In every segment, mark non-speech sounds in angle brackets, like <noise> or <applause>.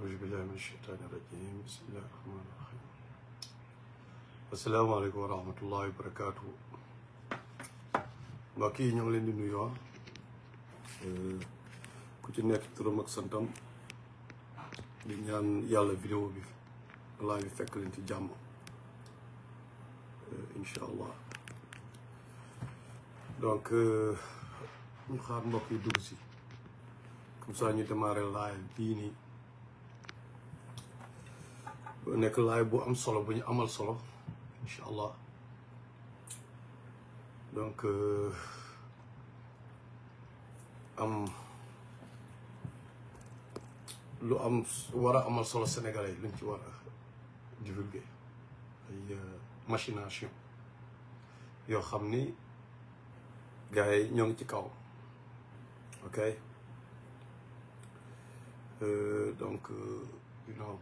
أعوذ بالله من الشيطان الرجيم بسم wa barakaatu mbokk yi ñoo ngi leen di nuyoo ku ci nekk turam ak santam di ñaan yàlla vidéo bi laa ngi fekk leen ci jàmm incha allah donc ñu xaar mbokk yi dugg si comme live bii nii nekk laay bu am solo bu ñu amal solo incha allah donc euh, am lu am war a amal solo sénégalais yi luñ ci war a divulguer ay euh, machination yoo xam ni gars yi ñoo ngi ci kaw ok euh, donc you know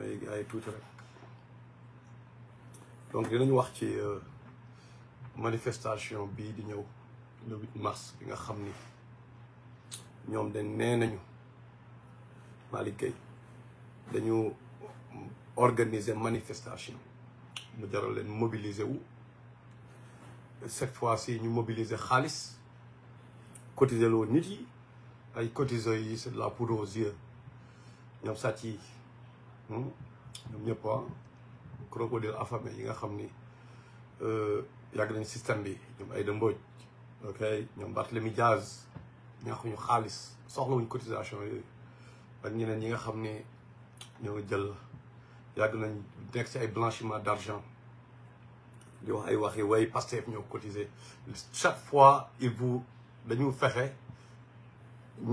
ay ay tuuti rek donc dinañu wax ci euh, manifestation bii di ñëw le mars bi nga xam ni ñoom dañ nee nañu Malick Gueye dañu organiser manifestation mu jaral leen mobiliser wu cette fois si ñu mobiliser xaalis cotiser loo nit yi ay cotiser yi c'est de la poudre aux yeux ñoom sàcc yi Hmm? ñoom ñëpp ah crocodile affamé yi nga xam ni euh, yàgg nañ système bi yi ñoom Aïda Mbodj ok ñoom mi Diaz ñaxuñu xaalis soxlawuñ cotisation yooyu ak ñeneen ñi nga xam ni ñoo jël yàgg nañ nekk si ay blanchiment d'argent di wax ay waxi way Pastef ñoo cotisé chaque fois il vous dañu fexe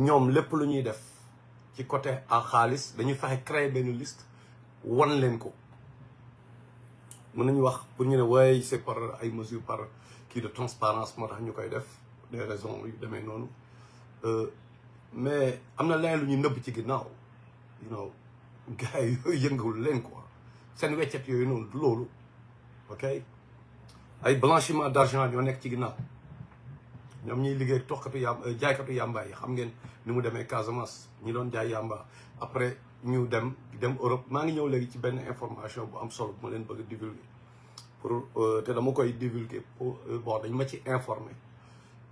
ñoom lépp lu ñuy def ci côté a xaalis dañuy fexe créer benn liste wan leen ko mën nañu wax pour ñu ne waaye c'est par ay mesures par kii de transparence moo tax ñu koy def des raisons yu demee noonu euh, mais am na leneen lu ñu nëbb ci ginnaaw you know gars yi leen ko seen weccet yooyu noonu du loolu ok ay blanchiment d'argent yoo nekk ci ginnaaw ñoom ñuy liggéey toxkatu yàmb euh, jaaykatu yàmba yi xam ngeen ni mu demee Casamance ñi doon jaay yàmba après ñu dem dem Europe maa ngi ñëw léegi ci benn information bu am solo bu ma leen bëgg a divulguer pour euh, te dama koy divulguer pour euh, bon dañ ma ci informer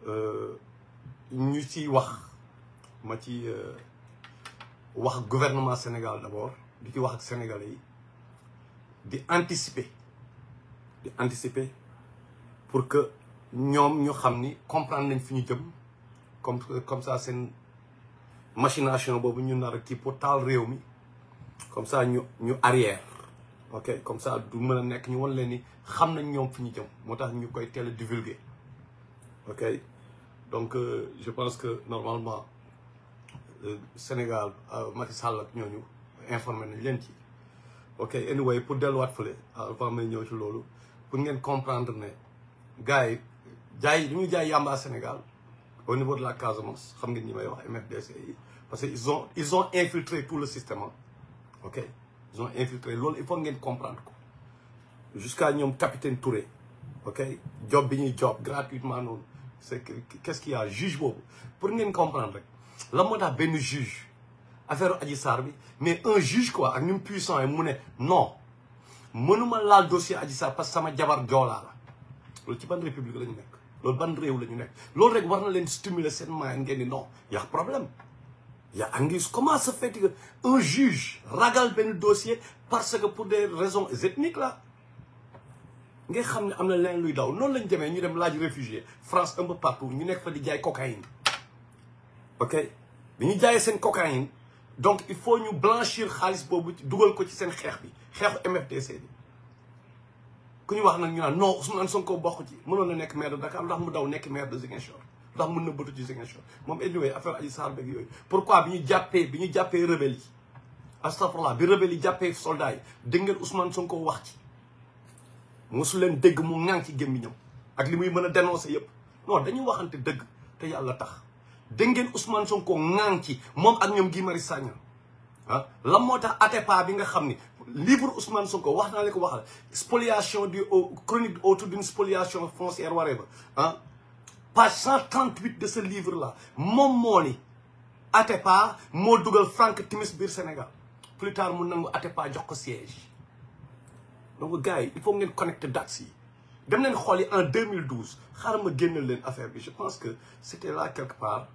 euh, ñu ci wax ma ci wax gouvernement Sénégal d'abord di ci wax ak sénégalais yi di anticiper di anticiper pour que ñoom ñu xam ni comprendre nañ fi ñu jëm comme comme ça seen. machination boobu ñu nar a kii pour taal réew mi comme ça ñu ñu arrière ok comme ça du mën a nekk ñu wan leen ni xam nañ ñoom fi ñu jëm moo tax ñu koy teel a divulguer ok donc euh, je pense que normalement euh, Sénégal euh, Macky Sall ak ñooñu informé nañ leen ci ok anyway pour delluwaat fële avant may ñëw ci loolu pour ngeen comprendre ne gars yi jaay yi ñu jaay yàmbaa Sénégal au niveau de la Casamance xam ngeen ñi may wax MFDC yi parce que ils ont ils ont infiltré tout le système ah ok ils ont infiltré loolu il faut ngeen comprendre ko jusqu'à ñoom capitaine Touré ok job bi ñuy job gratuitement noonu c'est que qu'est-ce qu'il y juge boobu pour ngeen comprendre rek la moo tax benn juge affaire Adji Sarr bi mais un juge quoi ak ni mu puissant yi mu ne non mënuma laa laal dossier Adji Sarr parce que sama jabar joolaa la loolu ci ban république la ñu nekk loolu ban réew la ñu nekk loolu rek war na leen stimuler seen moyen ngeen di non y problème yaa Angus comment se fait que un juge ragal benn dossier parce que pour des raisons ethniques la ngay xam ne am na leneen luy daw noonu lañ demee ñu dem laaj réfugié France un peu partout ñu nekk fa di jaay cocaïne ok bi ñu jaayee seen cocaïne donc il faut ñu blanchir xaalis boobu dugal ko ci seen xeex bi xeexu MFDC bi ku ñu wax nag ñu naan non Ousmane Sonko bokk ci mënoon na nekk maire de Dakar ndax mu daw nekk maire de Ziguinchor ndax mën na bëtu ci moom anyway affaire Adji Sarr beeg yooyu pourquoi bi ñu jàppee bi ñu jàppee rebelle yi astafurlah bi rebelle yi jàppee soldats yi dégg ngeen soo Sonko wax ci mosu leen dégg mu ŋaan ci gémmiñam ak li muy mën a dénoncer yëpp non dañuy waxante dëgg te yàlla tax dégg ngeen Ousmane Sonko ŋaan ci moom ak ñoom gi mari Sagna ah lan moo tax Atepa bi nga xam ni livre Ousmane ko wax naa leen ko waxal spoliation du chronique autour d'une spoliation foncière waree ba ah page 138 de ce livre là moom moo ni Atepa moo dugal Frank Timis biir Sénégal plus tard mu nangu Atepa jox ko siège donc gars yi il faut ngeen connecté dates yi dem leen xool yi en 2012 xaaral ma génnal leen affaire bi je pense que c' était là quelque part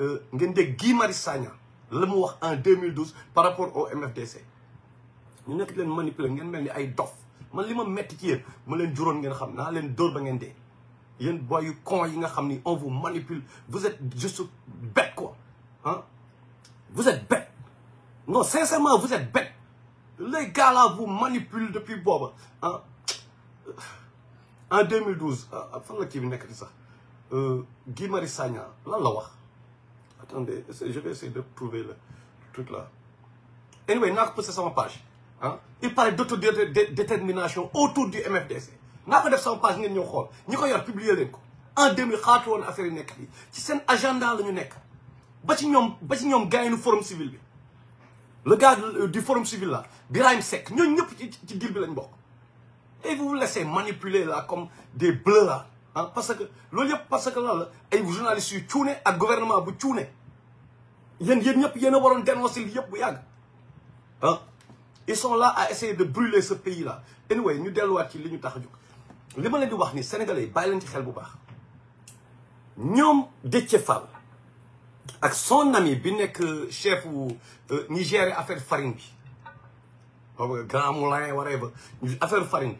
euh, ngeen dégg Guy Marius Sagna la mu wax en 2012 par rapport au MFDC ñu nekk leen manipuler ngeen mel ni ay dof man li ma metti ci yéen ma leen juróon ngeen xam naa leen dóor ba ngeen dee yéen boy yu con yi nga xam ni on vous manipule vous êtes juste bête quoi ah vous êtes bête non sincèrement vous êtes bête les gars là vous manipulent depuis booba ah en ah, 2012 fan la kii bi nekk di sax euh, Guy Marius Sagna lan la wax attendez je vais essayer de trouver la truc là anyway naa ko posté sama page ah il parlait d'autodétermination autour du MFDC naa ko def sama page ngeen ñëw xool ñi ko yor publier leen ko en 2000 xaatu woon affaire yi nekk fii ci seen agenda la ñu nekk ba ci ñoom ba ci ñoom gars yi nu forum civil bi le gars du euh, forum civil la Birahim Seck ñooñu ñëpp ci ci deal bi lañ bokk et vous vous manipuler la comme des bleus là ah parce que loolu yëpp parce que lan la ay journalistes yu cuune ak gouvernement bu cuune yéen yéen ñëpp yéen a waroon dénoncer li yëpp bu yàgg ah ils sont là à essayer de brûler ce pays là anyway ñu delluwaat ci li ñu tax a jóg li ma leen di wax nii sénégalais yi bàyyi leen ci xel bu baax ñoom Déthié Fall ak son ami bi nekk chef wu Niger euh, affaire farine bi boobu grand moulin waree ba affaire farine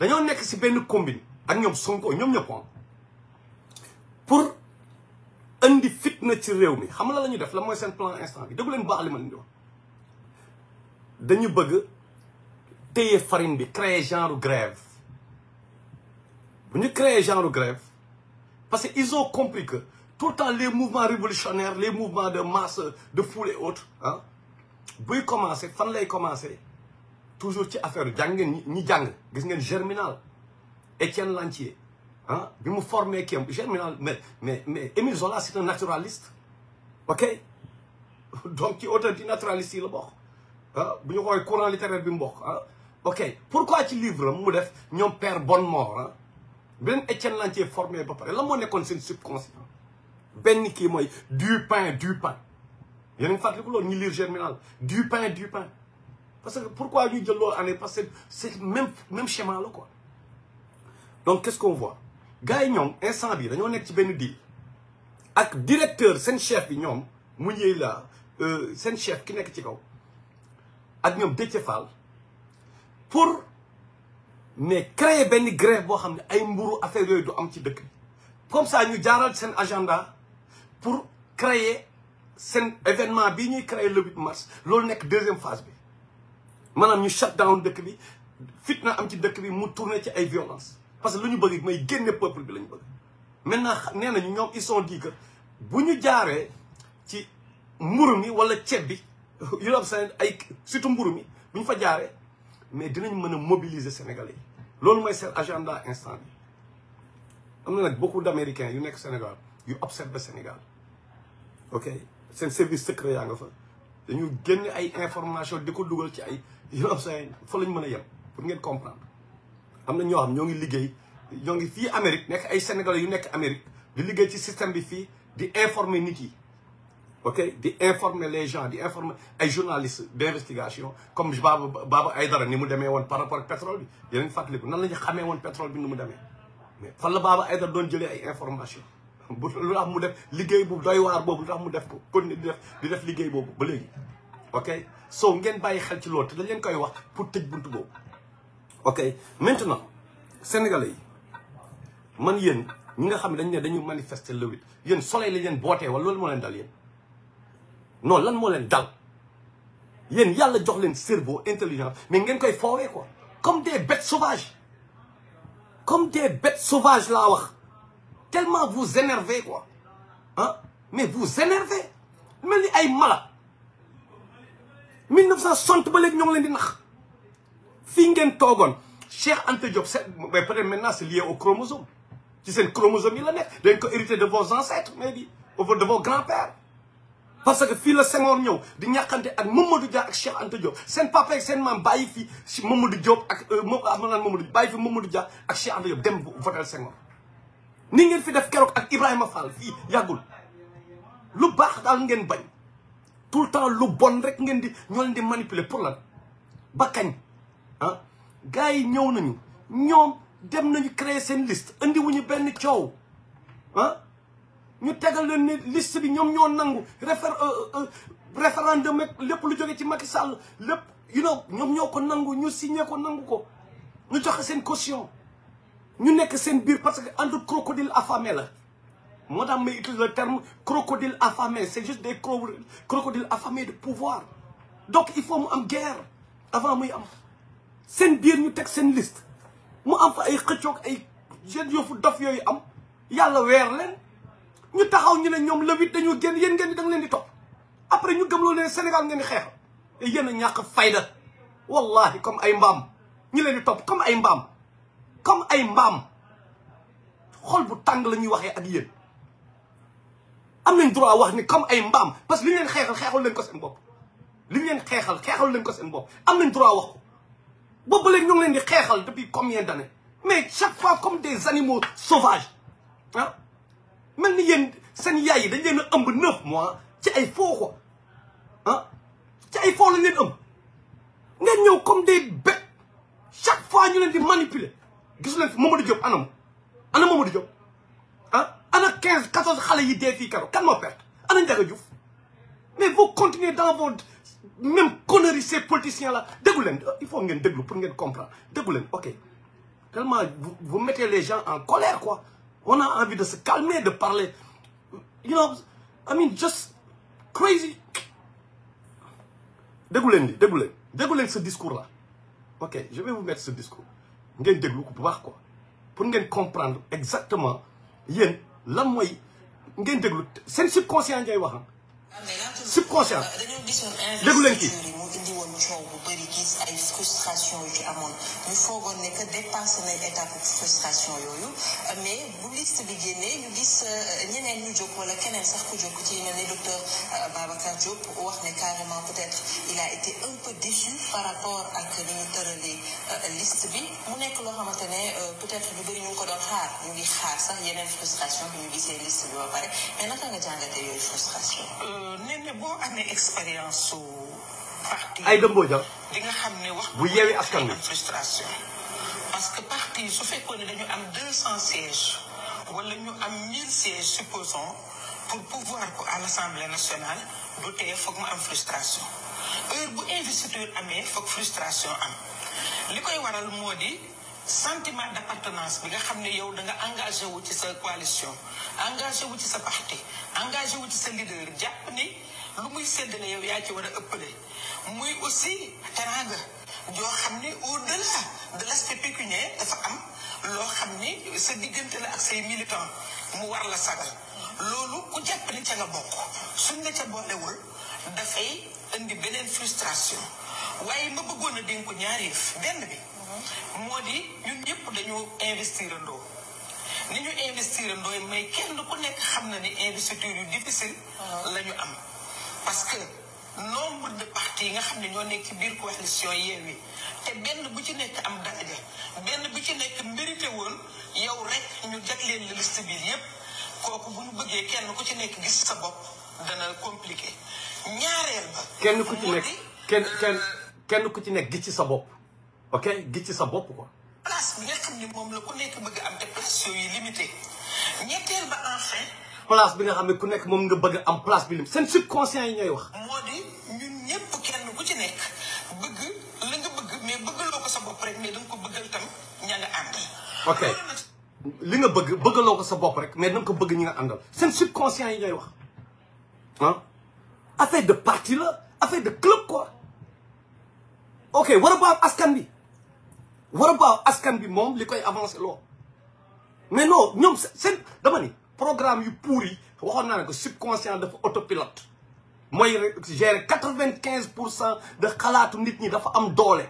bi dañoo nekk si benn combine ak ñoom Sonko ñoom ñëppoon ah. pour indi fitna ci réew mi xam la la ñu def la mooy seen plan instant bi déglu leen baax li ma leen di wax dañu bëgg téye farine bi créer genre grève bu ñu créer genre grève parce que ils ont compris que tout le temps les mouvements révolutionnaires les mouvements de masse de foule et buy commencer fan lay commencer toujours ci affaire jàng ngeen ñi jàng gis ngeen Germinal Étienne Lantier ah bi mu formé kii Germinal mais mais mais Émile Zola c'est un naturaliste ok donc ci auteur di naturaliste yi la bokk bu ñu xoolee courant littéraire bi mu bokk ah ok pourquoi ci livre mu def ñoom père Bonnemort ah beneen Étienne Lantier forme ba pare la moo nekkoon seen subconscient benn kii mooy du pain du pain yéen a ngi fàttaliku loolu ñu lire germinal du pain du pain parce que pourquoi ñu jël loolu année parce que c'est même même schéma la quoi donc qu'est-ce qu'on voit gars yi ñoom instant bi dañoo nekk ci benn deal ak directeur seen chef bi ñoom mu ñëw la euh, seen chef ki nekk ci kaw ak ñoom Déthié Fall pour mais créer benn grève boo xam ne ay mburu affaire yooyu du am ci dëkk comme ça ñu jaaral seen agenda pour créer seen événement bi ñuy créer le 8 mars loolu nekk deuxième phase bi maanaam ñu shut down dëkk bi fitna am ci dëkk bi mu tourner ci ay violence parce que lu ñu bëgg may génne peuple bi la ñu bëgg maintenant nee nañu ñoom ils sont dit que bu ñu jaaree ci mburu mi wala ceeb bi <laughs> Europe seen ay surtout mburu mi bu ñu fa jaaree mais dinañ mën a mobiliser Sénégalais yi loolu mooy seen agenda instant bi am na nag beaucoup d' américains yu nekk Sénégal yu observe Sénégal ok seen service secret yaa nga fa dañu génn ay information di ko dugal ci ay Europe say fa lañ mën a yem pour ngeen comprendre am na ñoo xam ñoo ngi liggéey ñoo ngi fii Amérique nekk ay sénégal yu nekk Amérique di liggéey ci système bi fii di informer nit yi ok di informer les gens di informer ay journalistes d' investigation comme Baba Baba Aydara ni mu demee woon par rapport ak pétrole bi yeneen nan la ñu xamee woon pétrole bi ni mu demee mais fan la Baba Aydara doon jëlee ay information bu lu tax mu def liggéey boobu doy waar boobu lu tax mu def ko kon di def liggéey boobu ba léegi ok so ngeen bàyyi xel ci loolu te dañ leen koy wax pour tëj buntu boobu ok maintenant sénégalais man yéen ñi nga xam ne dañ ne dañu manifester le huit yéen soleil la leen bootee loolu moo leen dal yéen non lan moo leen dal yéen yàlla jox leen cerveau intelligent mais ngeen koy foowee ko comme des bêtes sauvages comme des bêtes sauvages laa wax tellement vous énervez quoi ah mais vous énervez mel ni ay mala 1960 ba léegi ñoo ngi leen di nax fii ngeen toogoon Cheikh Anta Diop c'est mais peut-être maintenant c'est lié au chromosome ci chromosome yi la nekk dañ ko hérité de vos ancêtres mais bi de vos grands-pères parce que fii la Senghor ñëw di ñàkkante ak Mamadou Dia ak Cheikh Anta Diop seen papa ak seen maam bàyyi fi Mamadou Diop ak euh, ah, ma naan Mamadou bàyyi fi Mamadou Dia ak Cheikh Anta Diop dem votel Senghor ni ngeen fi def keroog ak Ibrahima Fall fii yàggul lu baax daal ngeen bañ tout le temps lu bon rek ngeen di ñoo leen di manipuler pour lan ba kañ ah, yi ñëw nañu ñoom dem nañu créer seen liste andi wuñu benn coow ah, ñu tegal leen ne liste bi ñoom ñoo nangu réfé euh, euh, euh, référendum ak lépp lu jóge ci Macky Sall lépp you know ñoom ñoo ko nangu ñu signé ko nangu ko ñu joxe seen costion ñu nekk seen biir parce que entre crocodile affamé la moo tax may utilise le terme crocodile affamé c'est juste des crocodiles affamés de pouvoir donc il faut mu am guerre avant muy am seen biir ñu teg seen list mu am fa ay xëccoog ay jeunes yoo fu dof yooyu am yàlla weer leen ñu taxaw ñu ne ñoom la huit dañoo génn yéen ngeen di da leen di topp après ñu gëmloo ne Sénégal ngeen di xeexal te yéen a ñàkk fayda wallahi comme ay mbaam ñu leen di topp comme ay mbaam comme ay mbaam xol bu tàng la ñuy waxee ak yéen am nañ droit wax ni comme ay mbaam parce que li ñu leen xeexal xeexal leen ko seen bopp li ñu leen xeexal xeexal leen ko seen bopp am nañ droit wax ko boobu léegi ñu leen di xeexal comme combien d'années mais chaque fois comme des animaux sauvages ah mel ni yéen seen yaay yi dañ leen a ëmb neuf mois ci ay foo ko ah ci ay foo lañ leen ëmb ngeen ñëw comme des bêtes chaque fois ñu leen di manipuler gisu leen fi Mamadou Diop anam ana Mamadou Diop ah ana quinze quatorze xale yi dee fii karo kan moo perte ana Ndiaga Diouf mais vous continuez dans vos même conneries ces politiciens la déglu leen ah, il faut ngeen déglu pour ngeen comprendre déglu ok tellement vous mettez les gens en colère quoi On a envie de se calmer, de parler. You know, I mean, just crazy. déglu leen di déglu leen déglu ce discours là ok je vais vous mettre ce discours ngeen déglu ko bu quoi pour ngeen comprendre exactement yéen lan mooy ngeen déglu seen subconscient ngay wax ah, subconscient ah, déglu leen kii mu indi woon coow bu bëri gis ay frustration yu ci amoon ñu foogoon ne que dépassé nañ frustration yooyu mais bu liste bi génnee ñu gis euh, ñeneen ñu jóg wala keneen sax ku jóg ci mel ni docteur euh, Babacar Diop wax ne carrément peut-être il a été par rapport ak ni ñu euh, bi mu nekk loo xamante ne peut-être ñu ngi ko doon xaar ñu ngi xaar sax yeneen frustration bi ñu gisee liste bi ba pare mais naka nga jàngatee yooyu frustration. nee boo amee expérience ay dëmboo jàll. Ah. li nga xam ne wax bu yeewee askan wi frustration. parce que partie su fekkoon ne dañu am deux cent sièges wala ñu am mille sièges supposons pour pouvoir ko à l' assemblée nationale du tee foog mu am frustration heure bu investiture amee foog frustration am li koy waral moo di. sentiment d'appartenance bi nga xam ni yow da nga engagé wu ci sa coalition engagé wu ci sa parti engagé wu ci sa leader jàpp ni lu muy séddale yow yaa ci war a ëppale muy aussi teraanga yoo xam ni au delà de l' aspect dafa am loo xam ni sa diggante la ak say militants mu war la sagal loolu ku jàpp ni ca nga bokk suñ la ca boolewul dafay indi beneen frustration waaye ma bëggoon a dénk ko ñaari yëf bi moo di ñun ñëpp dañu investir andoo ni ñu investir andoo may kenn ku nekk xam na ni investiture yu difficile ah. la ñu am parce que nombre de partis yi nga xam ne ñoo nekk ci biir coalition Yewwi te benn bu ci nekk am daraja benn bu ci nekk mérité woon yow rek ñu jagleel la liste bi yépp kooku bu kenn ku ci nekk gis sa bopp dana compliqué ñaareel ba. kenn ku ci nekk euh, kenn ku ci nekk gis ci sa bopp ok gis ci sa bopp quoi. place moom la ku bëgg am te place yooyu limité ñetteel ba enfin place bi nga xam ne ku nekk moom nga bëgg am place bi seen subconscient yi ñooy wax. moo di ñun ñëpp kenn ku ci la nga mais bëggaloo ko sa bopp rek mais ko bëggal tam ña nga li nga bëgg bëggaloo ko sa bopp rek mais da ko bëgg ñi nga àndal seen subconscient yi ñooy wax ah? de parti la affaire de club quoi ok war a baax askan bi. war a baax askan bi moom li koy avancé loo mais non ñoom seen dama ni. programme yu yi waxoon naa ne ko subconscient dafa autopilote mooy gérer quatre-vingt-quinze pour cent de xalaatu nit ñi dafa am doole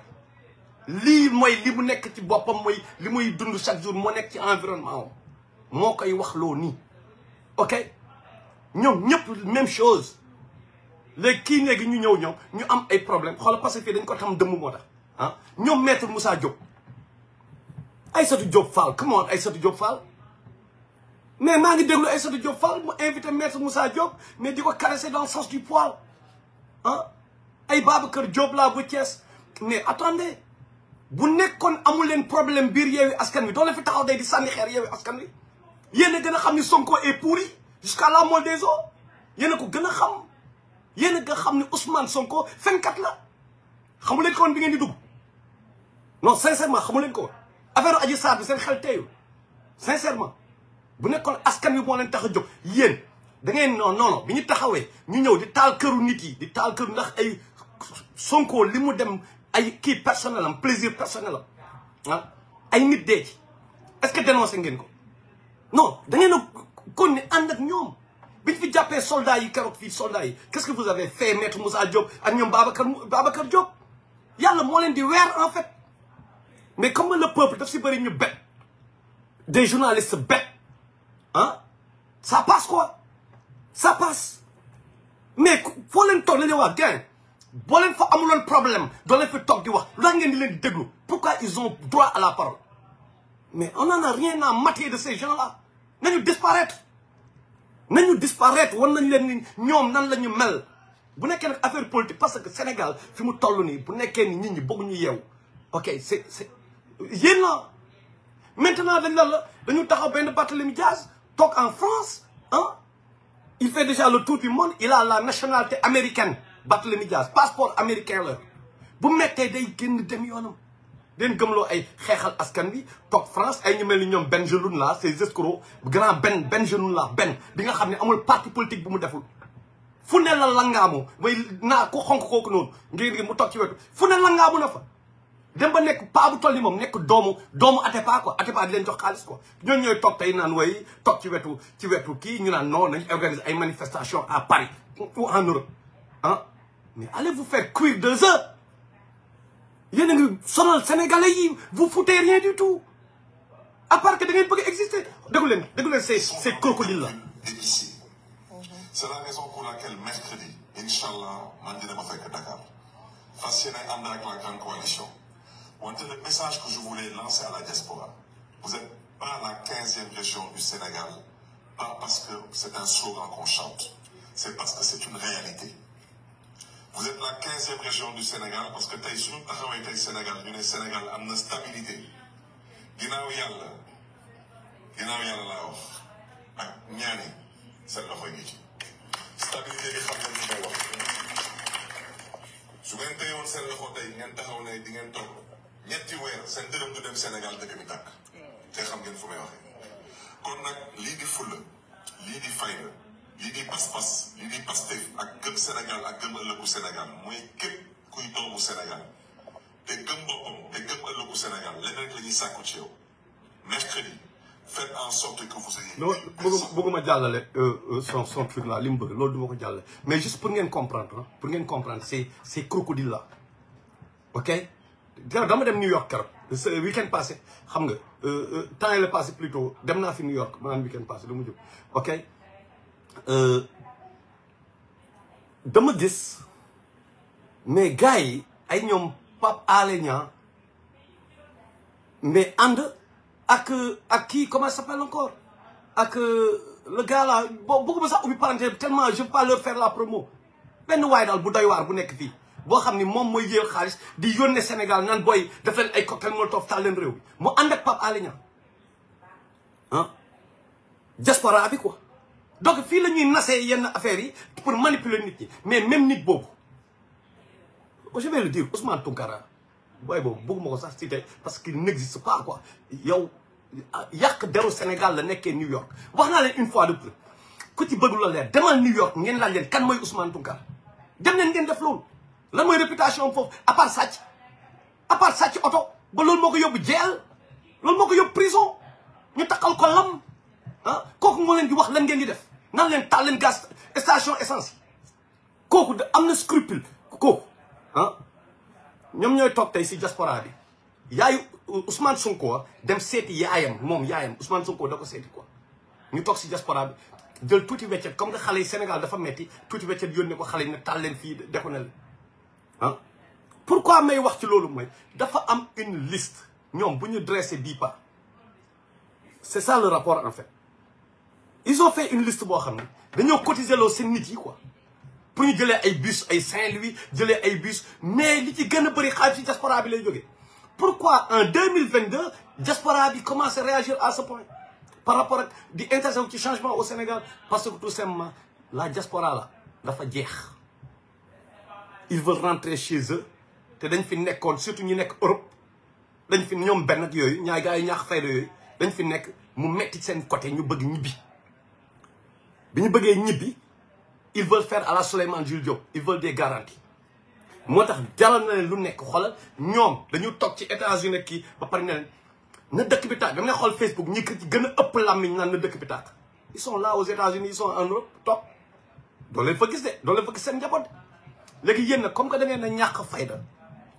lii mooy li mu nekk ci boppam mooy li muy dund chaque jour moo nekk ci environnement am moo koy wax loo nii ok ñoom ñëpp même chose léegi kii léegi ñu ñëw ñëw ñu am ay problème xoolal parce que fii dañ ko xam dëmm moo tax ah ñoom maître Moussa Diop Aïssatou Diop Fall comment Aïssatou Diop Fall mais naa ngi déglu Aïssatou Diop Fall mu invité maître Moussa Diop mais di ko caresser dans le sens du poil ah ay Babacar kër laa bu Thiès mais attendez bu nekkoon amul leen problème biir Yewwi Askan Wi doo leen fi taxaw day di sànni xeer Askan Wi yéen a gën a xam ni Sonko est pourri jusqu'à la moelle des os yéen a ko gën a xam yéen a nga xam ni Ousmane Sonko fenkat la xamu leen ko woon bi ngeen di dugg non sincèrement xamu leen ko woon affaire Adji Sarr bi seen xel teeyul sincèrement bu nekkoon askan wi moo leen tax a jóg yéen da ngeen non non bi ñu taxawee ñu ñëw di taal këru nit yi di taal këru ndax ay Sonko li mu dem ay kii personnel am plaisir personnel am ah ay nit dee ci est-ce que dénoncé ngeen ko non da ngeen a kon ni ànd ak ñoom biñ fi jàppee soldats yi keroog fii soldats yi qu'est-ce que vous avez fait maître Moussa Diop ak ñoom Babacar Babacar Diop yàlla moo leen di weer en fait mais comme le peuple daf si bëri ñu bet des journalistes bet ah ça passe quoi ça passe mais foo leen toog la ñuy wax gain boo leen fa amuloon problème doo leen fi toog di wax lu tax ngeen di leen di déglu pourquoi ils ont droit à la parole mais on na a rien à mater de ces gens-là nañu disparaître nañu disparaître war nañ leen ni ñoom nan la ñu mel bu nekkeen nag affaire politique parce que Sénégal fi mu toll nii bu nekkeen ni nit ñi bëgg ñu yeew ok c'est c'est yéen la maintenant dañ la dañu taxaw benn mi Dias toog en France ah il fait déjà le tour du monde il a la nationalité américaine Barthélémy Dias passeport américain la bu mettee day génn dem yoonam den gëmloo ay xeexal askan wi toog France ay ñu mel ni ñoom Bengelloune là ces escrocs grand Ben Bengelloune là Ben bi nga xam ne amul parti politique bu mu deful fu ne la nga langaamu may naa ko xonk kooku noonu ngir mu toog ci wetu fu ne langaamu na fa dem ba nekk paa bu moom nekk doomu doomu Atepa a Atepa di leen jox xaalis quoi ñooñu ñooy toog tey naan way toog ci wetu ci wetu kii ñu naan noo nañu organiser ay à Paris ou en Europe ah mais allez vous faire cuire deux heures yéen a ngi sonal sénégalais yi vous foutez du tout à part que da ngeen bëgg exister déglu leen déglu leen ces ces crocodiles c'est la Monter le message que je voulais lancer à la diaspora. Vous n'êtes pas la 15 région du Sénégal, pas parce que c'est que c'est une réalité. Vous êtes la 15 région du Sénégal parce que tey suñu taxawee tey Sénégal ñu Sénégal am na stabilité ginnaaw yàlla ginnaaw yàlla laa wax ak ñaani stabilité bi xam ngeen li may wax su ñetti weer seen dërëm du dem Sénégal dëkk bi te xam ngeen fu may waxee kon nag lii di fulla lii di fayda lii di pas-pas lii di Pastef ak gëm Sénégal ak gëm ëllëgu Sénégal mooy képp kuy doomu Sénégal te gëm boppam te gëm ëllëgu Sénégal leneen rek la ñuy ci yow mercredi faites en sorte que vous ayez. non bëgguma jàllale euh, euh, son son li mu bëgg loolu du ko jàllale mais juste pour ngeen comprendre pour ngeen comprendre c'est c'est crocodile ok. keroog dama dem New York keroog weekend passé xam nga euh, euh, temps yi la passé plutôt dem naa fi New York maanaam weekend passé lu mu jóg ok euh, dama gis mais gars yi ay ñoom Pape Alé Niang mais ànd ak ak kii comment s'appelle encore ak le gars là bon bëgguma sax ubbi tellement je veux leur faire la promo benn waay daal bu doy waar bu nekk fii boo xam ni moom mooy yéel xaalis di yónnee Sénégal naan booy defeel ay cocktail molotov taal leen réew bi mu ànd ak Pape Alé Niang ah diaspora bi quoi donc fii la ñuy nasee yenn affaires yi pour manipuler nit ñi mais même nit boobu oh, je vais le dire Ousmane Tounkara booy boobu bëgguma ko sax cité parce qu'il n'existe pas quoi yow yàq deru Sénégal la nekkee New York wax naa leen une fois de plus ku ci bëgg la leer demal New York ngeen laaj leen kan mooy Ousmane Tounkara dem ngeen def loolu lan mooy réputation foofu à part sàcc à part sàcc oto ba loolu moo ko yóbbu jeel loolu moo ko yóbbu prison ñu takkal ko lam ah kooku moo leen di wax lan ngeen di def nan leen taal leen gas station essence kooku da am na scrupule kooku ah ñoom ñooy toog tey si diaspora bi yaayu Ousmane Sonko ah, dem seeti yaayam moom yaayam Ousmane Sonko da ko seeti quoi ñu toog si diaspora bi jël tuuti weccet comme que xale yi Sénégal dafa metti tuuti weccet yónnee ko xale ne taal leen fii defu na leen ah pourquoi may wax ci loolu mooy dafa am une liste ñoom bu ñu dressé bii pas c'est ça le rapport en fait ils ont fait une liste boo xam ne dañoo cotiser loo seen nit yi quoi pour ñu jëlee ay bus ay Saint-Louis jëlee ay bus mais li ci gën a bëri xaalis ci diaspora bi lay jógee pourquoi en deux mille vingt deux diaspora bi commence à réagir à ce point par rapport ak di intéressé ci changement au Sénégal parce que tout simplement la diaspora la dafa jeex ils veulent rentrer chez eux te dañ fi nekkoon surtout ñu nekk Europe dañ fi ñoom benn ak yooyu ñaay gars yi ñaax fayda yooyu dañ fi nekk mu metti seen côté ñu bëgg ñibbi bi ñu bëggee ñibbi ils veulent faire à la Souleymane Jules Diop ils des garanties moo tax jaral na leen lu nekk xoolal ñoom dañu toog ci États-Unis kii ba pare ne na dëkk bi tàkk dama ne xool Facebook ñi ko ci gën a ëpp làmmiñ naan na dëkk bi tàkk ils sont là aux États-Unis ils sont en Europe toog doo leen doo leen fa seen njaboot léegi yéen nag comme que da na a ñàkk fayda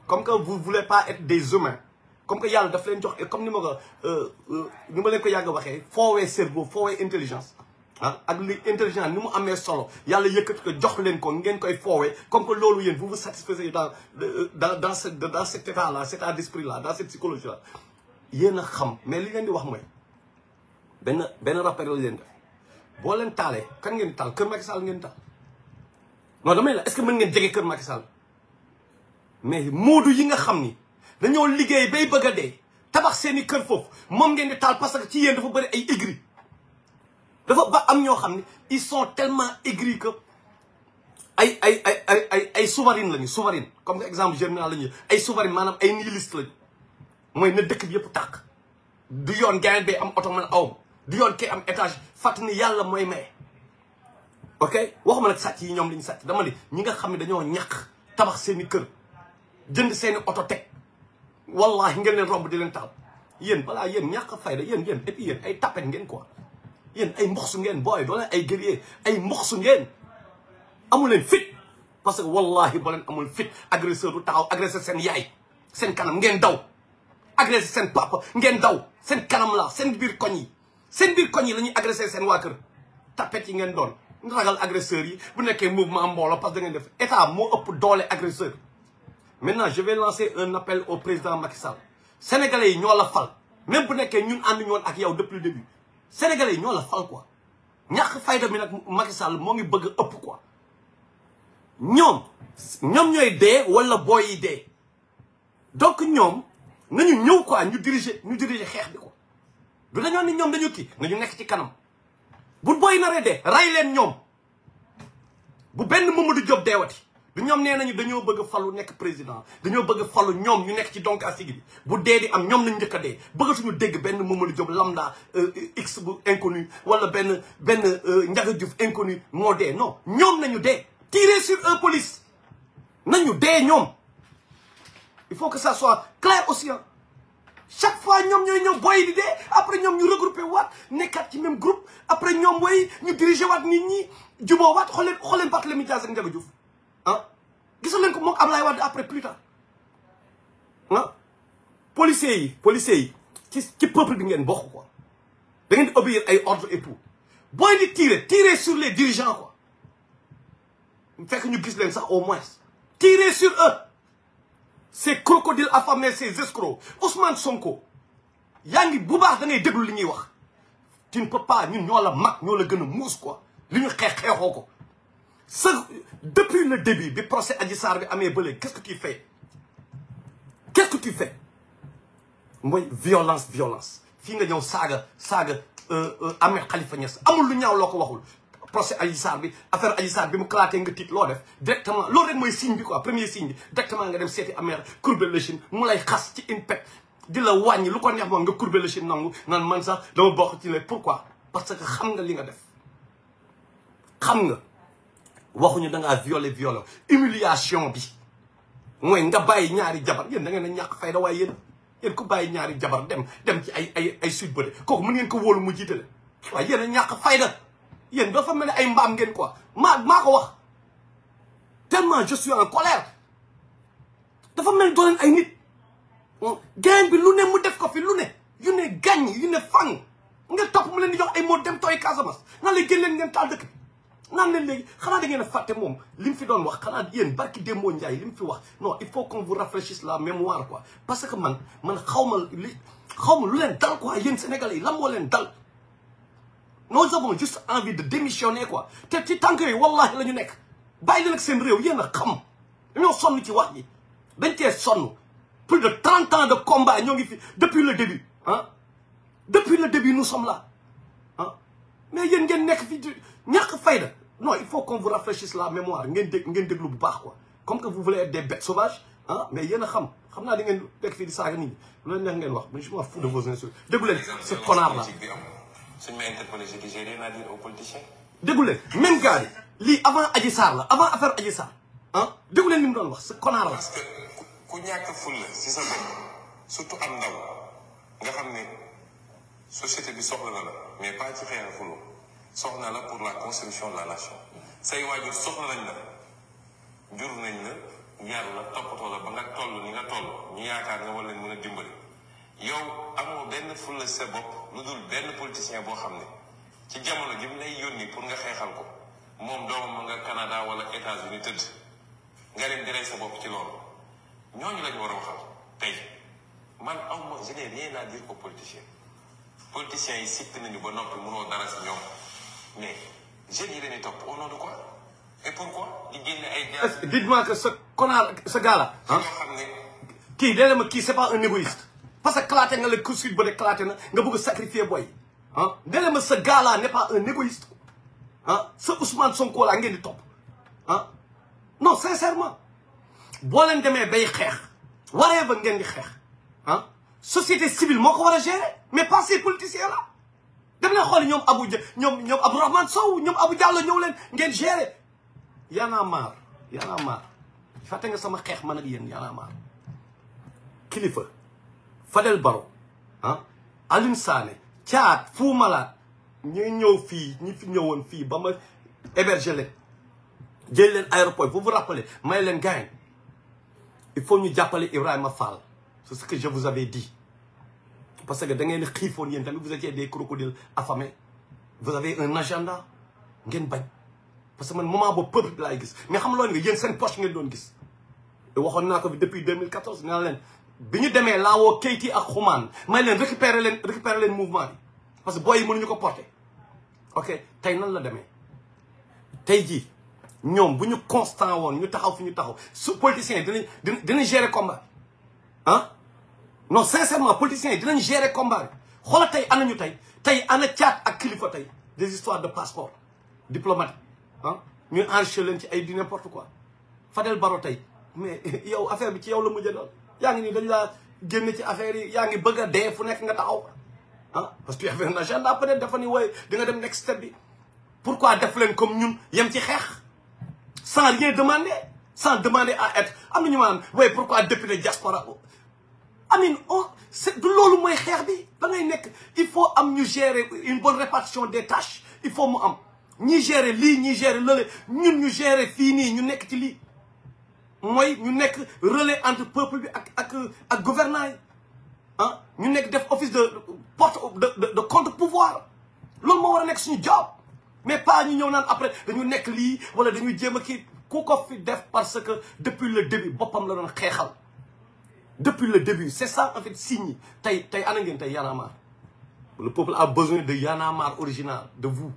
comme que vous voulez pas être des humains comme que yàlla daf leen jox comme ni ma ko euh, euh, ni ma leen ko yàgg waxee foowee cerveau foowee intelligence ah ak li intelligence ni mu amee solo yàlla yëkkati ko jox leen ko ngeen koy foowee comme que loolu yéen vous vous satisfaisez dans dans dans ce dans cet état là cet état d'esprit là dans cette psychologie là yéen a xam mais li ngeen di wax mooy benn benn rappel la leen def boo leen taalee kan ngeen taal kër Macky Sall ngeen non damay la est que mën ngeen jege kër Macky Sall mais moodu yi nga xam ni dañoo liggéey bay bëgg a dee tabax seeni kër foofu moom ngeen di taal parce que ci yéen dafa bëri ay egri dafa ba am ñoo xam ne ils sont tellement aigris kë ay ay ay ay ay ay souverain lañu souverine comme exemple germinal lañu ay souverain maanaam ay nihiliste lañu mooy na dëkk bi yëpp tàkk du yoon gaayen bay am oto man awm du yoon kay am étage fàttali ni yàlla mooy maye ok waxuma nag sàcc yi ñoom li ñu sàcc dama ni ñi nga xam ne dañoo ñàq tabax seeni kër jënd seeni oto teg wallahi ngeen leen romb di leen taal yéen balaa yéen ñàq fayda yéen yéen et puis yéen ay tapet ngeen quoi yéen ay mbox su ngeen booy doo ay guerrier ay su ngeen amul leen fit parce que wallahi boo leen amul fit agresseur du taxaw agresseur seen yaay seen kanam ngeen daw agressé seen papa ngeen daw seen kanam la seen biir koñ yi seen biir koñ yi la ñuy agressé seen waa kër tapet yi ngeen doon nga ragal agresseurs yi bu nekkee mouvement mbooloo parce que da ngeen et état moo ëpp doole agresseur maintenant je vais lancer un appel au président Macky Sall yi ñoo la fal même bu nekkee ñun ànd ñoon ak yow depuis le début sénégalais yi ñoo la fal quoi ñàkk fayda mi nag Macky Sall moo ngi bëgg a ëpp quoi ñoom ñoom ñooy dee wala booy yi dee donc ñoom nañu ñëw a ñu diriger ñu diriger xeex bi quoi du dañoo ni ñoom dañu kii ñu nekk ci kanam bu booy naree dee ray leen ñoom bu benn Mamadou Diop deewati du ñoom nee nañu dañoo bëgg falu nekk président dañoo bëgg falu ñoom ñu nekk ci donc asigi bi bu dee di am ñoom nañ njëkk a dee bëggatuñu dégg benn Mamadou Diop lambda euh, x bu inconnu wala benn benn euh, Ndiaga Diouf inconnu moo dee non ñoom nañu dee tirer sur un police nañu dee ñoom il faut que ça soit clair aussi chaque fois ñoom ñooy ñëw boy di dee après ñoom ñu regroupé waat nekkaat ci même group après ñoom way ñu dirigé waat nit ñi juboo waat xooleen xooleen Barthélémy Dias ak Ndiaga Diouf ah gisul leen ko moom Ablaye Wade après plus tard ah policiers yi policiers yi ci ci peuple bi ngeen bokk quoi da ngeen di obéir ay ordre et tout booy di tirer tirer sur les dirigeants quoi fekk ñu gis leen sax au moins tirer sur eux ces crocodiles affamés ces escrocs Ousmane Sonko yaa ngi bu baax da ngay déglu li ñuy wax tu ne peux pas ñun ñoo la mag ñoo la gën a muus quoi li ñu xeex xeexoo ko sa depuis le début bi procès aj Sarr bi amee ba léegi qu'est-ce que tu fais qu'est-ce que tu fais mooy violence violence fii nga ñëw saaga saaga euh, euh, amee Khalifa Niass amul lu ñaaw loo ko waxul procès Adji Sarr bi affaire Adji Sarr bi mu kalaatee nga tiit loo def directement loolu rek mooy signe bi quoi premier signe bi directement nga dem seeti amère courber l'échine mu lay xas ci impec di la wàññi lu ko neex moom nga courber l'échine nangu naan man sax dama bokk ci les pourquoi parce que xam nga li nga def xam nga waxuñu dangaa violé violé humiliation bi mooy nga bàyyi ñaari jabar yéen da ngeen a ñàkk fayda waaye yéen yéen ku bàyyi ñaari jabar dem dem ci ay ay ay sud kooku mën ngeen ko wóolu mu jiitale waaye yéen a ñàkk yéen dafa mel ne ay mbaam ngeen quoi maa maa ko wax tellement je suis en colère dafa mel dooleen ay nit gain bi lu ne mu def ko fi lu ne yu ne gañ yu ne fang nga topp mu leen di jox ay moo dem tooy Casamance naan la génn ngeen taal dëkk bi naan leen léegi xanaa da ngeen a fàtte moom li mu fi doon wax xanaa yéen barki Demba Ndiaye li mu fi wax non il faut qu'on vous rafraîchisse la mémoire quoi parce que man man xaw ma li xaw ma lu leen dal quoi yéen Sénégalais yi lan moo leen dal nous avons juste envie de démissionner quoi te ci tànk yooyu wallahi la ñu nekk bàyyi leen ak seen réew yéen a xam ñoo sonn ci wax yi dañ cee sonn plus de trente ans de combat ñoo ngi fi depuis le début ah depuis le début nous sommes la ah mais yéen ngeen nekk fi ñàkk fayda non il faut qu'on vous rafraîchisse la mémoire ngeen dég bu baax quoi comme que vous voulez être des bêtes sauvages mais yéen a xam xam naa da ngeen nekk fii di saaga nit ñi wax mais je m'en fous de vos insultes déglu leen ce connard là suñ ma interpellé je dis j'ai rien à dire aux lii avant Adji Sarr la avant affaire Adji Sarr ah déggu leen li mu doon wax sa connard la. que ku ñàkk ful la si sa bopp surtout am ndaw nga xam ne société bi soxla na la mais pas ci xeetu fuloo soxna la pour la construction de la nation say waajur soxla nañ la jur nañ la yar la toppatoo la ba nga toll ni nga toll ñu yaakaar nga war leen mën a dimbali. yow amoo benn fulla sa bopp lu dul benn politicien boo xam ne ci jamono ji mu lay yónni pour nga xeexal ko moom doomam nga Canada wala États-Unis tëdd nga dem di rey sa bopp ci loolu ñooñu lañu war a waxal tey man aw ma je n'ai rien à dire aux yi sikk nañu ba noppi mënoo dara si ñoom mais jeunes yi dañuy topp au nom de quoi et pourquoi di génne ay gaz. dites-moi que ce connard ce gars là. ah kii déedéet ma kii c'est pas un égoïste. parce que claté nga la couche ba de claté na nga bëgg a sacrifier booy ah ndele ma sa gala n'est pas un égoïste ah sa Ousmane Sonko laa ngeen di topp ah non sincèrement boo leen demee bay xeex waree ngeen di xeex ah société civile moo ko war a gérer mais pas ces politiciens là dem leen xool ñoom Abou ñoom ñoom Abdourahmane Sow ñoom Abou Diallo ñëw leen ngeen gérer Y'en a marre Y'en a marre nga sama xeex man ak yéen Y'en a marre Fadel Barro ah Alioune Sané Thiat Fou Malade ñu ñëw fii ñi fi ñëwoon fii ba ma héberger leen jël leen aéroport vous vous rappelez may leen gars il faut ñu jàppale Ibrahima Fall c'est ce que je vous avais dit parce que da ngeen xiifoon yéen tamit vous étiez des crocodiles affamés vous avez un agenda ngeen bañ parce que man moment boobu peuple bi laay gis mais xam loolu nga yéen seen poche ngeen doon gis waxoon naa ko fi depuis 2014 nee na leen bi ñu demee laawoo Keyti ak xumaan may leen récupérer leen récupérer leen mouvement bi parce que booy yi mënuñu ko porter ok tey nan la demee tey jii ñoom bu ñu constant woon ñu taxaw fi ñu taxaw su politiciens dinañ dinañ gérer combat ah non sincèrement politiciens yi dinañ gérer combat bi xoola tey ana ñu tey tey ana caat ak kilifa tey des histoires de passeport diplomatique ah ñu enrichir leen ci ay du n'importe quoi Fadel Baro tey mais <laughs> yow affaire bi ci yow la mujjee doon yaa ngi nii dañu laa génn ci affaire yaa ngi bëgg a dee fu nekk nga taxaw ah parce que affaire na agenda peut être dafa ni wooye di nga dem next step bi pourquoi def leen comme ñun yem ci xeex sans rien demander sans demande à et am na ñu maanaam waaye pourquoi député diaspora amin on oh, c'est du loolu mooy xeex bi ba ngay nekk il faut am ñu gérer une bonne répartition des tâches il faut mu am ñi gérer lii ñi gérer lële ñun ñu gérer fii nii ñu nekk ci lii mooy ñu nekk relais entre peuple bi ak ak ak gouvernant ah ñu nekk def office de porte de de contre pouvoir loolu moo war a nekk suñu job mais pas ñu ñëw naan après dañu nekk lii wala dañu jéem a kii ku ko def parce que depuis le début boppam la doon xeexal depuis le début c'est ça en fait signe tey tey ana ngeen tey yanamar le peuple a besoin de yanamar original de vous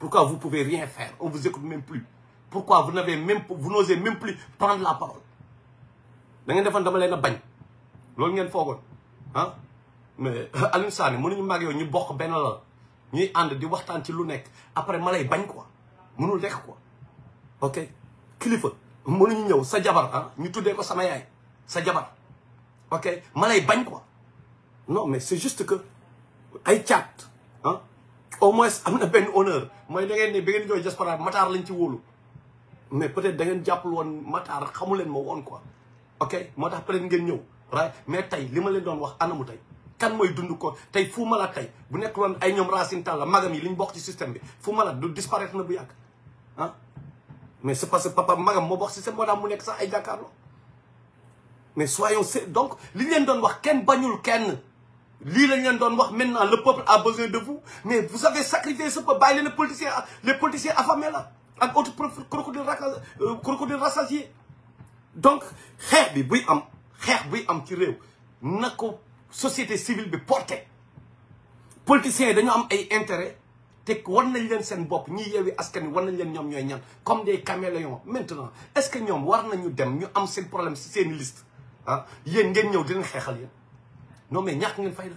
pourquoi vous pouvez rien faire on vous écoute plus pourquoi vous n'avez même vous n'osez même plus prendre la parole da ngeen defoon dama leen a bañ loolu ngeen foogoon ah mais euh, Alioune Sane mënuñu mag yow ñu bokk benn la ñuy ànd di waxtaan ci lu nekk après ma lay bañ ko mënul nekk ko ok kilifa mënuñu ñëw sa jabar ah ñu tuddee ko sama yaay sa jabar ok ma lay bañ ko non mais c'est juste que ay caat ah au moins am na benn honneur mooy da ngeen ne bi ngeen ñëw diaspora mataar lañ ci wóolu mais peut-être da ngeen jàppul woon Matar xamu leen ma woon quoi ok moo tax peut-être ngeen ñëw right mais tey li ma leen doon wax anamu tey kan mooy dund ko tey Fou Malade tey bu nekk woon ay ñoom Racine Talla magam yi li ñu bokk ci système bi Fou Malade du disparaître na bu yàgg ah mais c'est parce que papa magam moo bokk système moo tax mu nekk sax ay jàkkaarloo mais soyons donc li leen doon wax kenn bañul kenn lii lañ leen doon wax maintenant naa peuple a besoin de vous mais vous avez sacrifié ce peuple bàyyi leen les politiciens les politiciens affamés ak autre crocodile raca euh, crocodile rassasié donc xeex bi buy am xeex buy am ci réew na ko société civile bi porté politiciens yi dañu am ay intérêt te war nañ leen seen bopp ñi yeewi askan wi war nañ leen ñoom ñooy ñan comme des caméléons maintenant est-ce que ñoom war nañu dem ñu am seen problème si seen liste ah yéen ngeen ñëw di leen xeexal yeen non mais ñàkk ngeen fay la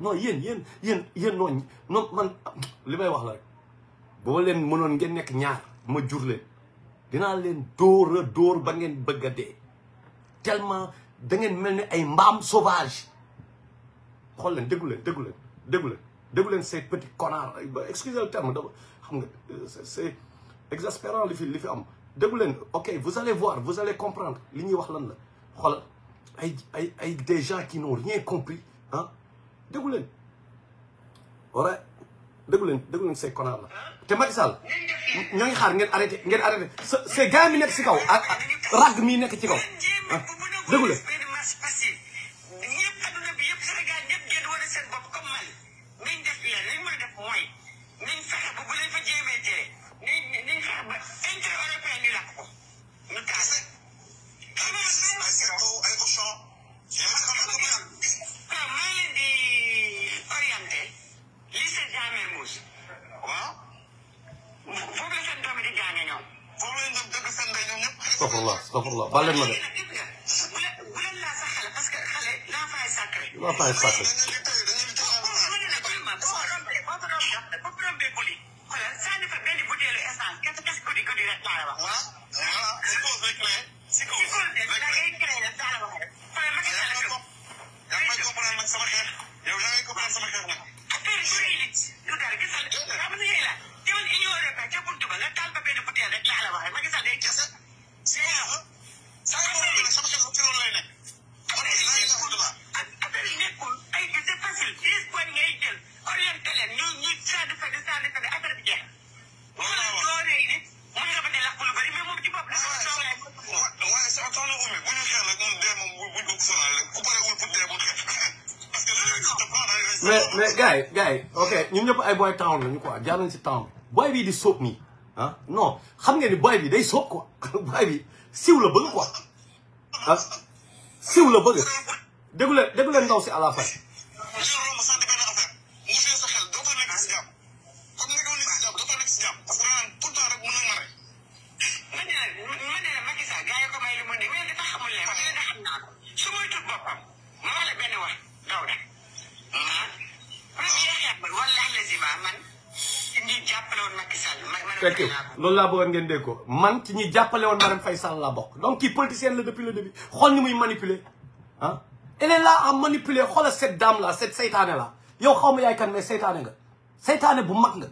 non yéen yéen yéen yéen noonu non man li may wax la rek boo leen mënoon ngeen nekk ñaar ma jur dinaa leen dóor a dóor ba ngeen bëgg a dee tellement da ngeen mel ni ay mbaam sauvage xool leen déglu leen déglu leen déglu leen déglu leen le terme dama xam nga euh, c'est exaspérant le fi li fi am déglu leen ok vous allez voir vous allez comprendre li ñuy wax lan la xoolal ay ay ay des gens qui n'ont rien compris ah déglu leen déglu leen say connard la te Macky Sall ñoo ngi xaar ngeen arrêté ngeen arrêté sa ces gars mi nekk si kaw ak rag mi nekk ci kaw ah déglu my fuckers. gars yi ok ñun ñëpp ay boy town lañu quoi jaar nañ si town boy bi di sóob nii ah non xam ngeen ni boy bi day sóob quoi <laughs> boy bi siw la bëgg quoi ah siw la bëgg si à la fekk loolu laa bëggoon ngeen dégg ko man ci ñi jàppale woon Marème Faye Sall laa bokk donc kii politicienne la depuis le début xool ni muy manipuler ah elle est là à manipuler xoolal cette dame seytaane là yow xaw ma yaay kan mais seytaane nga seytaane bu mag nga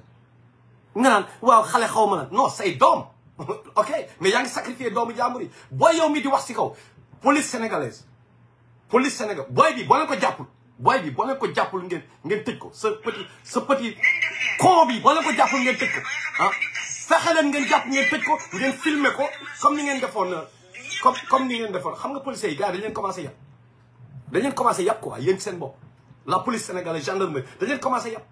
nga naan waaw xale xaw ma na no say doom <laughs> ok mais yaa ngi sacrifié doomu jàmbur yi booy yow mii di wax si kaw police sénégalaise police sénégal booy bi boo leen ko jàppul boy bi boo leen ko jàppul ngeen ngeen tëj ko sa petit sa petit con bi boo leen ko jàppul ngeen tëj ko ah fexe leen ngeen jàpp ngeen tëj ko ngeen filmer ko comme ni ngeen defoon comme comme ni ngeen defoon xam nga policiers yi gars dañ leen commencé yàpp dañ leen commencé yàpp quoi yéen seen bopp la police sénégalaise gendarmerie dañ leen commencé yàpp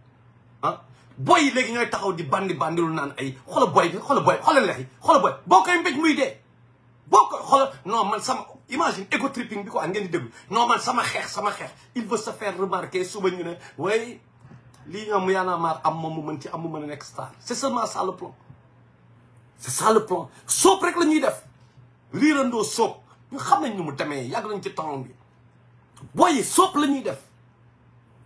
ah boy yi léegi ñooy taxaw di bandi bandilu naan ay xolo boy bi xolo boy xolo lex yi xolo boy boo koy mbéj muy dee boo ko xolo non man imagine égo tripping bi quoi ngeen di déglu non man sama xeex sama xeex il veut se faire remarquer suba ñu ne way lii ñoom Y'en a marre am moom mu mën ci am mu mën a nekk star c'est seulement ça le plan c'est ça le plan soob rek la ñuy def riirandoo soob ñu xam nañ ñu mu demee yàgg nañ ci temps bi booyi soob la ñuy def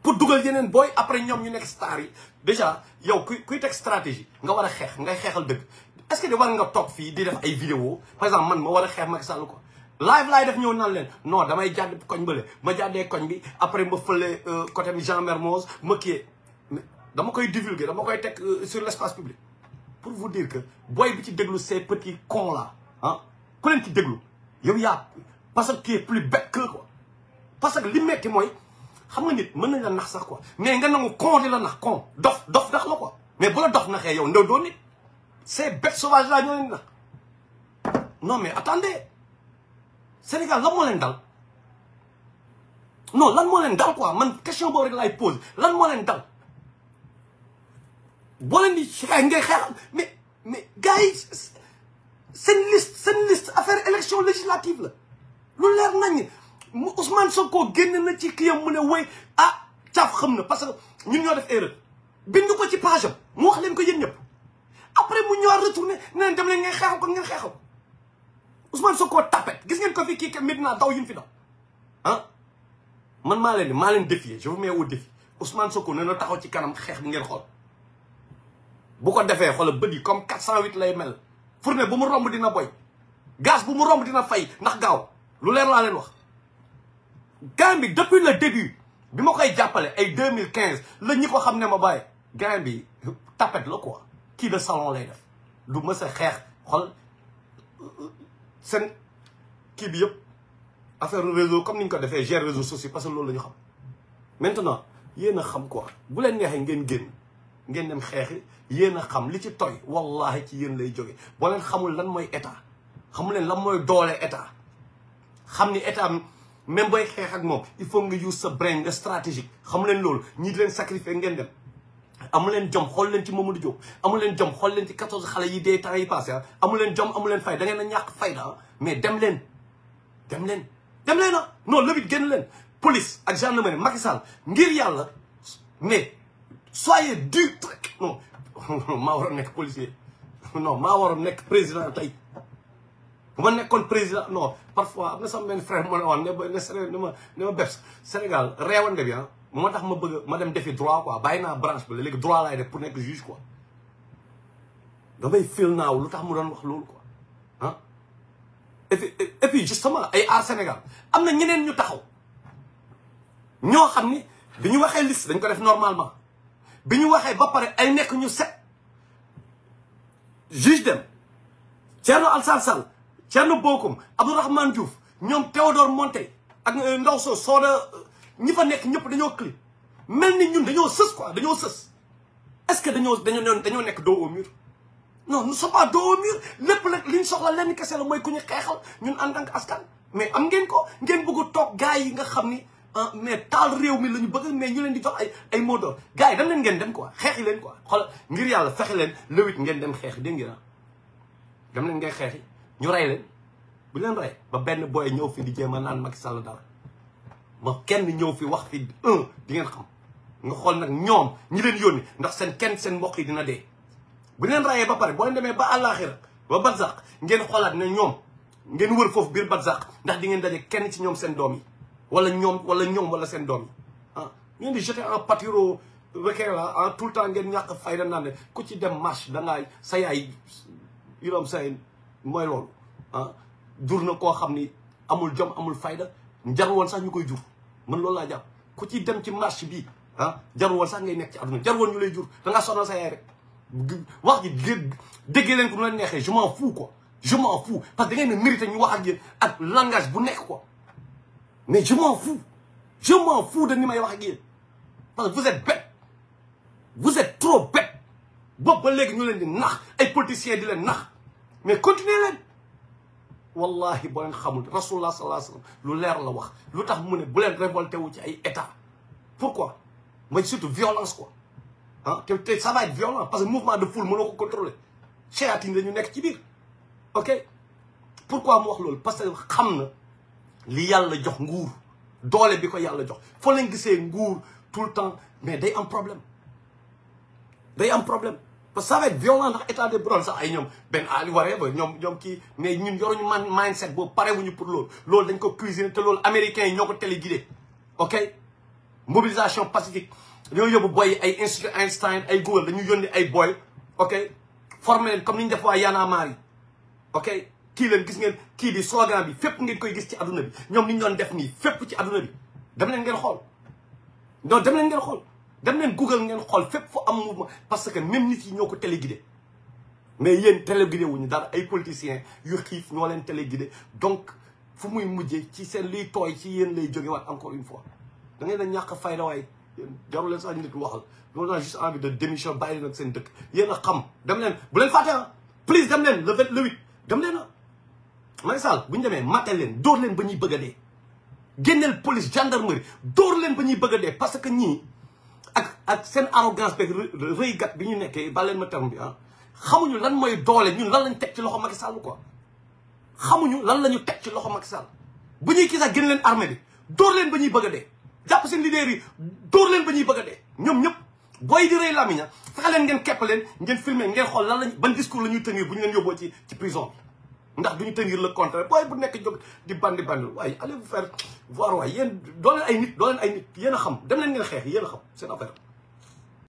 pour dugal yeneen booy après ñoom ñu nekk star yi déjà yow kuy kuy teg stratégie nga war a xeex ngay xeexal dëgg est que de war nga toog fii di def ay par exemple man ma war a xeex Macky Sall quoi live laay def ñëw nan leen non damay jàdd koñ bële ma jàddee koñ bi après ma fële euh, côté mi Jean Mermoz ma kii dama koy divulguer dama koy teg euh, sur l' espace public pour vous dire que booy bi ci déglu ces petits cons là ah ku leen ci déglu yow yaa parce que tu es plus bête que parce que li metti mooy xam nga nit mën nañ la nax sax ko mais nga nangu con di la nax con dof dof nax la ko mais bu la dof naxee yow ndaw doo nit ces bêtes sauvages là ñoo leen nax Sénégal lan moo leen dal non lan moo dal quoi man question boobu rek laay lan moo leen dal boo leen di xeex ngay xeexal mais mais gars yi seen liste affaire élection législative la lu leer nañ mu so Sonko génn na ci kiyam mu ne woy a ah, caaf xam na parce que ñu ñoo def erreur bind ko ci page mu wax leen ko yéen ñëpp après mu ñëwaat retourné ne leen dem leen ngeen xeexal ko ngeen xeexal Ousmane Sonko tapet gis ngeen ko fi kii Medina daw yi mu fi daw ah man maa leen maa leen défier je vous mets au défi Ousmane soko nee na taxaw ci kanam xeex bi ngeen xool bu ko defee xoolal bët yi comme 408 lay mel fourne bu mu romb dina boy gaz bu mu romb dina fay ndax gaaw lu leen laa leen wax. gain bi depuis le début bi ma ay jàppale ay deux 2015 la ñi ko xam ne ma bàyyi gain bi tapet la quoi kii de salon lay def du mës a xeex xool. seen kii bi yëpp affaire réseau comme ni ñu ko defee gère réseaux sociaux parce que loolu la ñu xam maintenant yéen a xam quoi bu leen neexee ngeen génn ngeen dem xeexi yéen a xam li ci toy wallahi ci yéen lay jóge boo leen xamul lan mooy état xamul leen lan mooy doole état xam ni état même booy xeex ak moom il faut nga use sa brain nga stratégique xamu leen loolu ñii di leen sacrifier ngeen dem amu leen jom xool leen ci Mamadou Diop amu leen jom xool leen ci 14 xale yi dee temps yi passé ah amu leen jom amu leen fay da ngeen a ñàkk fayda ah. mais dem leen dem leen dem leen ah non lëbit génn police ak gendarmerie Macky Sall ngir yàlla mais soyez du truc non <laughs> maa waroon nekk policier non maa waroon nekk président tey ma nekkoon président non parfois am na sama benn frère mu ne ne ma ne Sénégal réewande bi ah moo tax ma bëgg ma dem defi droit quoi bàyyi naa branche bi léegi droit laay def pour nekk juge quoi damay fil naaw lu tax mu doon wax loolu quoi ah et puis et ay aar Sénégal am na ñeneen ñu taxaw ñoo xam ni bi ñu waxee liste dañ ko def normalement bi ñu waxee ba pare ay nekk ñu set juge dem Thierno Alassane Sall Thierno Bocoum Abdourahmane Diouf ñoom Théodore Monteil ak euh, ndaw soo ñi fa nekk ñëpp dañoo clé mel ni ñun dañoo sës ko dañoo sës est-ce que dañoo dañoo dañoo nekk dos au mur non nous sommes pas dos au lépp nag li ñu soxla lenn kese la mooy ku ñu xeexal ñun en tant que askan mais am ngeen ko ngeen bëgg toog gars yi nga xam ni ah, mais taal réew mi la ñu bëgg mais ñu leen di jox ay ay mot d'ordre gars yi dem leen ngeen dem quoi xeexi leen quoi xool ngir yàlla fexe leen lewit ngeen dem xeexi dégg ngeen ah. dem leen ngay xeexi ñu rey leen bu leen rey ba benn booy ñëw fi di jéem naan Macky Sall dara ba kenn ñëw fi wax fi un xam nga xool nag ñoom ñi leen yónni ndax seen kenn seen mbokk yi dina dee bu leen rayee ba pare boo leen demee ba àllaaxira ba barzaq ngeen xoolaat ne ñoom ngeen wër foofu biir barzaq ndax di ngeen daje kenn ci ñoom seen doom yi wala ñoom wala ñoom wala seen doom yi ah ngeen di en pâture rekee la ah, en tout le temps ngeen ñàkk fayda naan ne ku ci dem marche dangaa sa yaay yuram say mooy loolu ah na koo xam ni amul jom amul fayda njaru sax ñu koy jur man loolu laa jàpp ku ci dem ci marché bi ah jaru woon sax ngay nekk ci àdduna jaru woon ñu lay jur da ngaa sonal sa yaay rek wax ji déggee leen ko nu la neexee je m'en ko quoi je m'en parce que da ngeen ne mérité ñu wax ak yéen ak langage bu nekk quoi mais je m'en fous je m'en fous may wax ak yéen parce que vous êtes bête vous trop bête boobu ba léegi ñu leen di nax ay politiciens di leen nax mais continuez leen wallahi boo leen xamul rasulullah sallallahu alayhi lu leer la wax lu tax mu ne bu leen révolté wu ci ay état pourquoi mooy surtout violence quoi ah te te ça va être violent parce que mouvement de foule mënoo ko contrôler chéatine la ñu nekk ci biir ok pourquoi mu wax loolu parce que xam na li yàlla jox nguur doole bi ko yàlla jox foo leen gisee nguur tout le temps mais day am problème day am problème parce que ça va violent ndax état de bronze sax ay ñoom benn ali waree ba ñoom ñoom kii mais ñun yoruñu man mindset boobu ñu pour loolu loolu dañ ko cuisiner te loolu américains ñoo ko téléguidé ok mobilisation pacifique ñoo bu boy ay institut Einstein ay Google dañu yónni ay boy ok formé leen comme ni ñu def waa Y'en a marre ok kii leen gis ngeen kii bi slogan bi fépp ngeen koy gis ci adduna bi ñoom ni ñu doon def nii fépp ci adduna bi dem leen ngeen xool non dem leen ngeen xool dem leen Google ngeen xool fépp fu am mouvement parce que même nit yi ñoo ko téléguidé mais yéen téléguidé ñu dara ay politiciens yu xiif ñoo leen téléguidé donc fu muy mujjee ci seen liy tooy ci yéen lay jógewaat encore une fois da ngeen a ñàkk fayda waaye jarul leen sax nit waxal loolu naa juste envie de démission bàyyi leen ak seen dëkk yéen a xam dem leen bu leen fàtte ah please dem leen le vingt le huit dem leen ah Macky Sall bu ñu demee matal leen dóor leen ba ñuy bëgg a dee génneel police gendarmerie dóor leen ba ñuy bëgg parce que ñii ak ak seen arrogance beeg rëy gat bi ñu nekkee ba leen ma bi ah xamuñu lan mooy doole ñun lan lañ teg ci loxo Macky Sall quoi xamuñu lan la ñu teg ci loxo Macky Sall bu ñuy kii a génn leen armée bi leen ba ñuy bëgg a dee jàpp seen leader yi dóor leen ba ñuy bëgg de ñoom ñëpp booy di rëy lamiña ah, fexe leen ngeen kepp leen ngeen filmer ngeen xool lan lañ ban discours la ñuy tenir bu ñu leen yóbboo ci ci prison ndax duñu tenir le contraire booy bu nekk jóg di bandi bandi waaye allez vous faire voir waaye yéen doo leen ay nit doo leen ay nit yéen a xam dem leen ngeen xeex yéen a xam seen affaire